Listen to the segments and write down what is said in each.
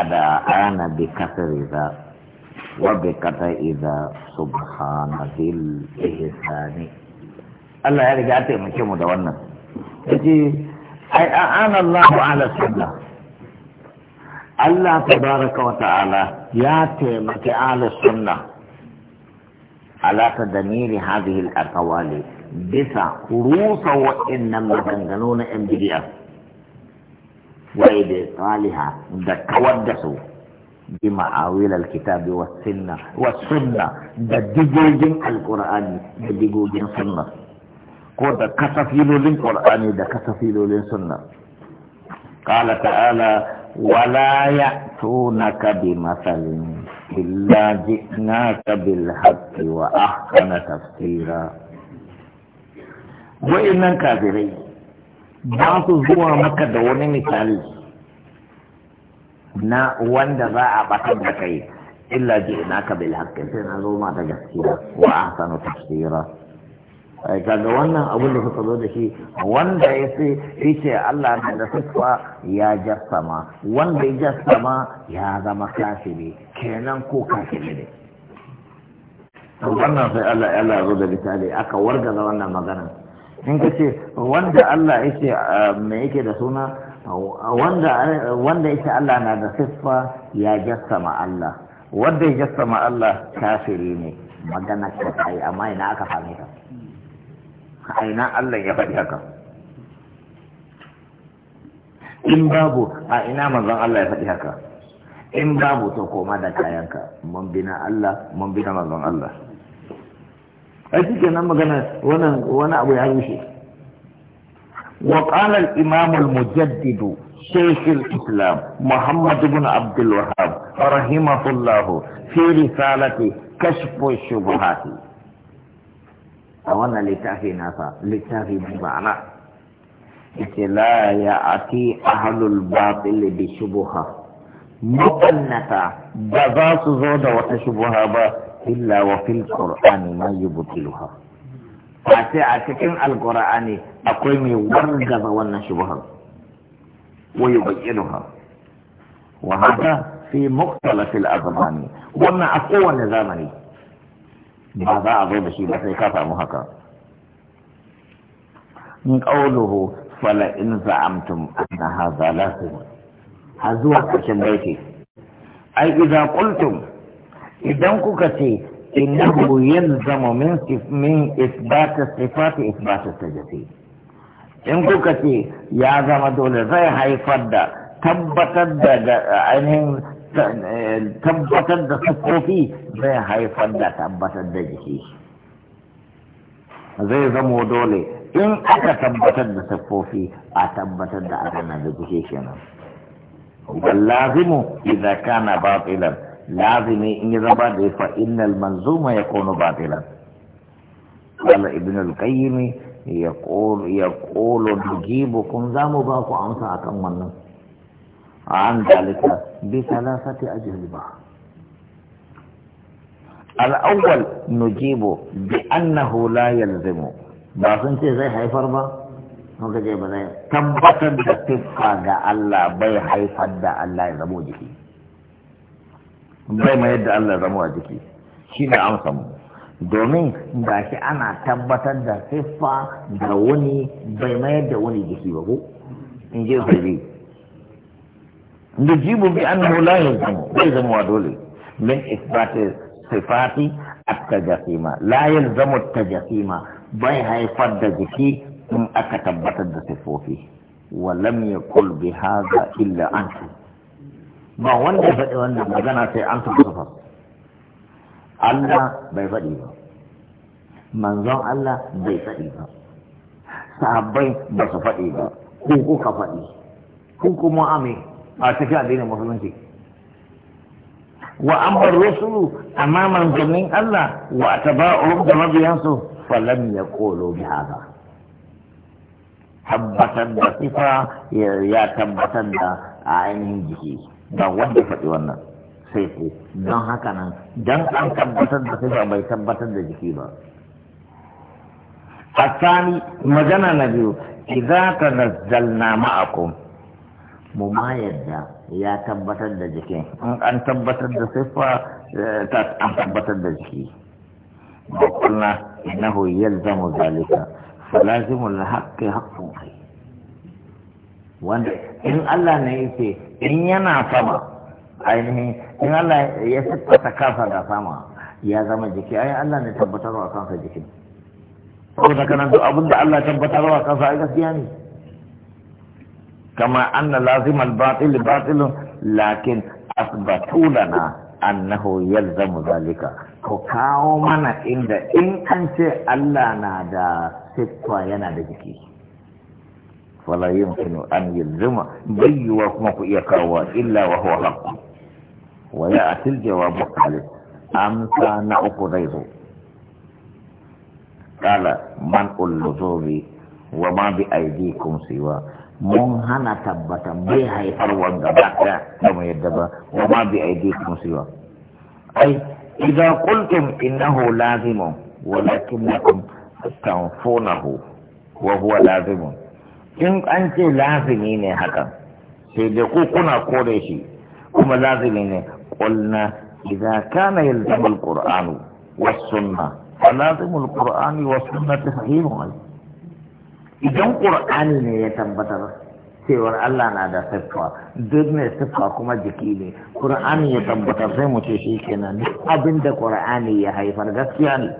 قد آن بكثر إذا وبكثر إذا سبحان ذي الإحسان الله هذه قاعدة من كم دولنا أي أعان الله على سنة الله تبارك وتعالى ياتي مكة على سنة على تدمير هذه الأقوال بس خروص وإنما تنقلون إن بديئة wai da saliha da kawar da su bi ma'awil alkitab wa sunna wa sunna da digogin alqur'ani da digogin sunna ko da kasafilolin qur'ani da kasafilolin sunna qala ta'ala wala ka bi masalin illa ji'naka bil haqqi wa ahkana tafsira innaka kafirai ba su zuwa maka da wani misali na wanda za a batar da kai illa ji ina ka bil haƙƙi sai na zo ma da gaskiya wa sanu tafsira ai kaga wannan abin da suka zo da shi wanda ya ce Allah na da sifa ya jassama wanda ya jassama ya zama kafiri kenan ko kafiri ne wannan sai Allah ya zo da misali aka wargaza wannan maganar. in ka ce wanda Allah yake me yake da suna wanda wanda yake Allah na da siffa ya jassama Allah wanda ya jassama Allah kafiri ne magana ce kai amma ina aka fahimta ta a ina Allah ya faɗi haka in babu a ina manzon Allah ya faɗi haka in babu to koma da kayanka mun bina Allah mun bina manzon Allah أجد أنا مجانا وانا, وانا أبو يعيشي وقال الإمام المجدد شيخ الإسلام محمد بن عبد الوهاب رحمه الله في رسالة كشف الشبهات أولا لتافي نافا لتافي بمعنى لا يأتي أهل الباطل بشبهة مطنة بذات زودة وتشبهة إلا وفي القرآن ما يبطلها فأتي إن القرآن أقيم ورقب والنشبها ويبينها وهذا في مختلف الأزمان وما أقوى نظامني بعد أظن شيء بس كفى مهكا من قوله فلئن زعمتم أن هذا لازم هذا هو بيتي أي إذا قلتم idan kuka ce innahu yalzamu min min isbat sifat isbat tajati in kuka ce ya zama dole zai haifar da tabbatar da ainihin eh, tabbatar da sukofi zai haifar da tabbatar da jiki zai zamo dole in aka tabbatar da sukofi a tabbatar da abin da jiki kenan wallazimu idan kana batilan لازم ان دي فإن المنظومة يكون باطلا قال ابن القيم يقول يقول نجيبكم زام باكو أمسا أكم من عن ذلك بثلاثة أجهزبا الأول نجيب بأنه لا يلزم باسن تي زي حيفر با هكا تبقى دا الله بي حيفر دا الله يزمو bai ma yadda Allah zama a jiki shi ne amsa mu domin da shi ana tabbatar da siffa da wani bai ma yadda wani jiki ba ko in je fari da jibu bi annahu la yalzamu bai zama wa dole min isbati sifati at-tajasima la yalzamu at-tajasima bai haifar da jiki in aka tabbatar da siffofi ولم يقل بهذا إلا أنت ba wanda ya faɗi wannan magana sai an tafi Allah bai faɗi ba manzon Allah bai faɗi ba sahabbai ba su faɗi ba ko kuka faɗi ko kuma ame a cikin addinin musulunci wa amma rusulu amma manzannin Allah wa taba'uhum da mabiyansu falam yaqulu bi haka. tabbatar da sifa ya tabbatar da a ainihin jiki ba wanda faɗi wannan sai ku don haka nan don an tabbatar da sai bai tabbatar da jiki ba asali magana na biyu idza na ma'akum mu ma yadda ya tabbatar da jiki in an tabbatar da sifa eh, ta an tabbatar da jiki ba kullu innahu yalzamu zalika falazimu haƙƙi haƙƙin kai. wanda in Allah ne yake in yana sama ainihin in Allah ya siffata kansa da sama ya zama jiki ai Allah ne tabbatarwa kansa jiki saboda kana duk abin da Allah tabbatarwa kansa ai gaskiya ne kama anna lazim al-batil batil lakin asbatu lana annahu yalzamu zalika ko kawo mana inda in an ce Allah na da siffa yana da jiki ولا يمكن أن يلزم بي وكمك إيقاوة إلا وهو حق ويأتي الجواب قالت أمسى نعق غيره قال من اللزوم وما بأيديكم سوى من هنا تبت بها يفروا قبلك وما يدبا وما بأيديكم سوى أي إذا قلتم إنه لازم ولكنكم تنفونه وهو لازم in an ce lazimi ne hakan sai da ku kuna kore shi kuma lazimi ne qulna idza kana yalzamu alquran was sunna fa lazimu alquran was sunnati sahihun idan qur'ani ne ya tabbatar cewar Allah na da siffa duk ne siffa kuma jiki ne qur'ani ya tabbatar sai mu ce shi kenan abinda abin qur'ani ya haifar gaskiya ne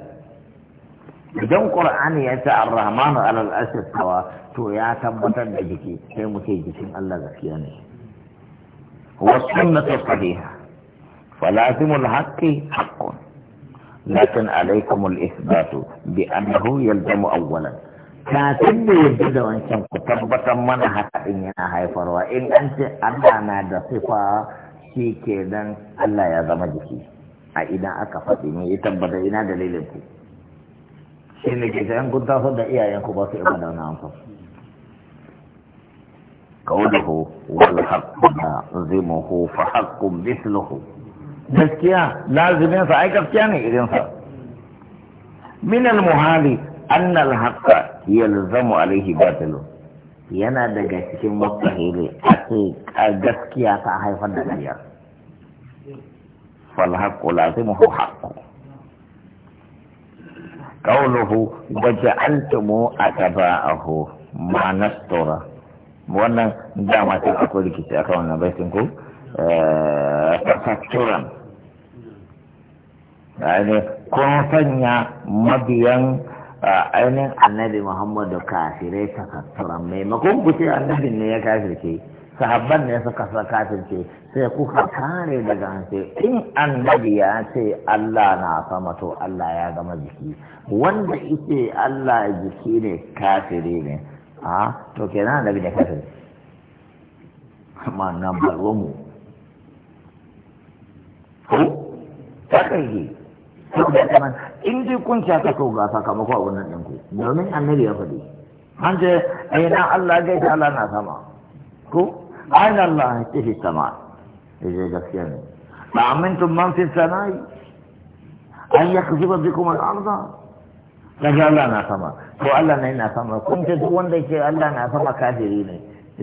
idan Al-ƙur'ani ya ce ar-rahmanu alal arshi to ya tabbatar da jiki sai mu ce jikin Allah gaskiya ne wa sunnatu sahiha فلازم الحق حق لكن عليكم الإثبات بأنه يلزم أولا kafin da yadda da wancan ku tabbatar mana haka din yana haifarwa in an ce Allah na da sifa shi ke dan Allah ya zama jiki a idan aka faɗi ne ya tabbata ina dalilin ku shi ne ke sayan kun taso da iyayenku ba su yi mana wani amfan قوله والحق fa فحق مثله gaskiya lazimin sa ai gaskiya ne irin sa min al muhali an al haqqa yalzamu alaihi batilu yana daga cikin mustahili a gaskiya ta haifar da ƙarya fal haqqu lazimuhu haqqu قوله وجعلتم أتباعه ما نسترى wannan dama ta akwai rikici akan wannan baitin ko tafakturan sanya mabiyan a ainihin annabi muhammadu kafirai ta kasura maimakon ku ce annabin ne ya kafirce sahabban ne suka sa kafirce sai kuka kare daga hanse in annabi ya ce Allah na sama to Allah ya gama jiki wanda ike Allah jiki ne kafiri ne a to kenan annabi ne kafir amma nan ko ta in dai kun ci aka to ga sakamako a wannan ɗinku domin annabi ya faɗi an ce eh, aina Allah gaita Allah na sama ko aina Allah ta fi sama yaje gaskiya ne ba amintum man fi sana'i an ya kuzuba kuma arza arda kaga Allah na sama ko Allah ne na sama kun ce duk wanda ke Allah na sama kafiri ne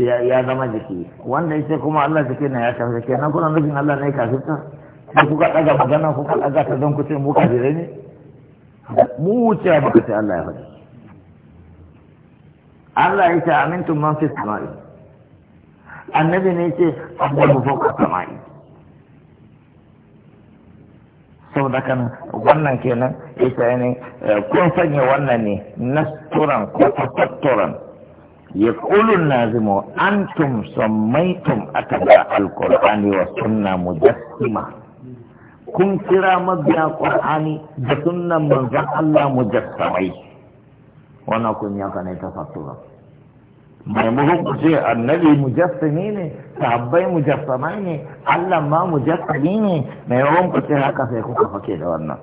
ya zama jiki wanda ce kuma Allah jiki na ya kafi kenan kuna nufin Allah kafi ta. da kuka ɗaga magana kuka ɗaga ta don ku ce mu kafirai ne mu wuce ba ka sai Allah ya faɗi Allah ya ce amintum man fi sama'i annabi ne ce annabi fawqa sama'i saboda kan wannan kenan isa ne kun sanya wannan ne nasturan ko tafatturan ya na zimo an nazimu antum sammaitum ataba alqur'ani wa suna mu jasima kun kira mabiya qur'ani da sunnan manzon Allah mujassamai wannan kun ya kana ta fatura mai muhimmanci ce annabi mujassami ne sahabbai mujassamai ne Allah ma mujassami ne mai muhimmanci haka sai kuka fake da wannan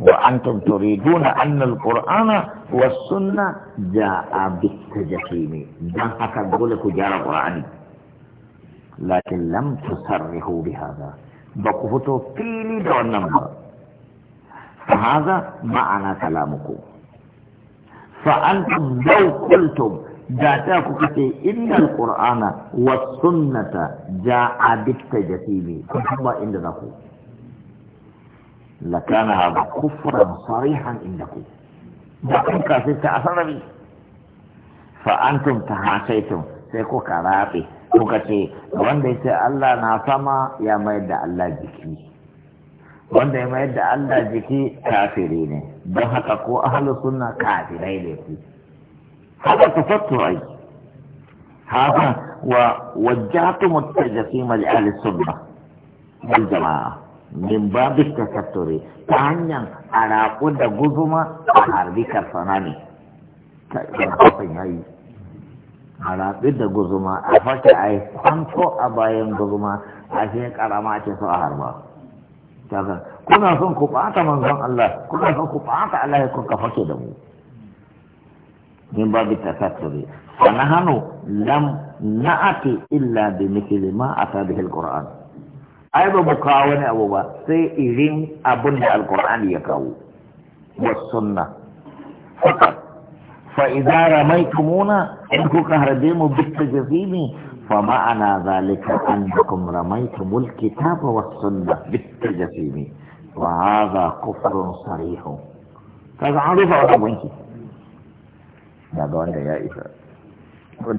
Wa وأنتم تريدون أن القرآن والسنة dan haka ده ku لك qur'ani. lakin lam لم تصرحوا بهذا ba ku fito fili da wannan ba haza ma'ana kalamuku fa'antum law qultum da ta ku kace innal qur'ana was sunnata ja'a bitajtibi kuma inda za ku lakana hada kufran sarihan indakum da kun kafirta asarabi fa antum tahasaitum sai ku karabe kuka ce wanda ya ce Allah na sama ya mayar da Allah jiki wanda ya mayar da Allah jiki kafiri ne don haka ko ahalus suna kafirai ne ku haka ta fatto ai haka wa wajjatu mutajassima mai ahli sunna mai jamaa min babu tasatturi ta hanyar araku da guzuma a harbi karfana ne ta yi a raɓi da guzuma a fashe a yi kwanto a bayan guzuma a shi karama ce su a harba kuna son ku ɓata manzon Allah kuna son ku ɓata Allah ya kuka fashe da mu min babu tasatturi na nahanu lam na'ati illa bi mithli ma ata bihi alquran ai ba mu kawo wani abu ba sai irin abun da alqur'ani ya kawo wa sunna fakat فإذا رميتمونا إنكو كهرديم بالتجذيب فمعنى ذلك أنكم رميتم الكتاب والسنة بالتجذيب وهذا كفر صريح هذا عرف أبوينك هذا يا إسرائيل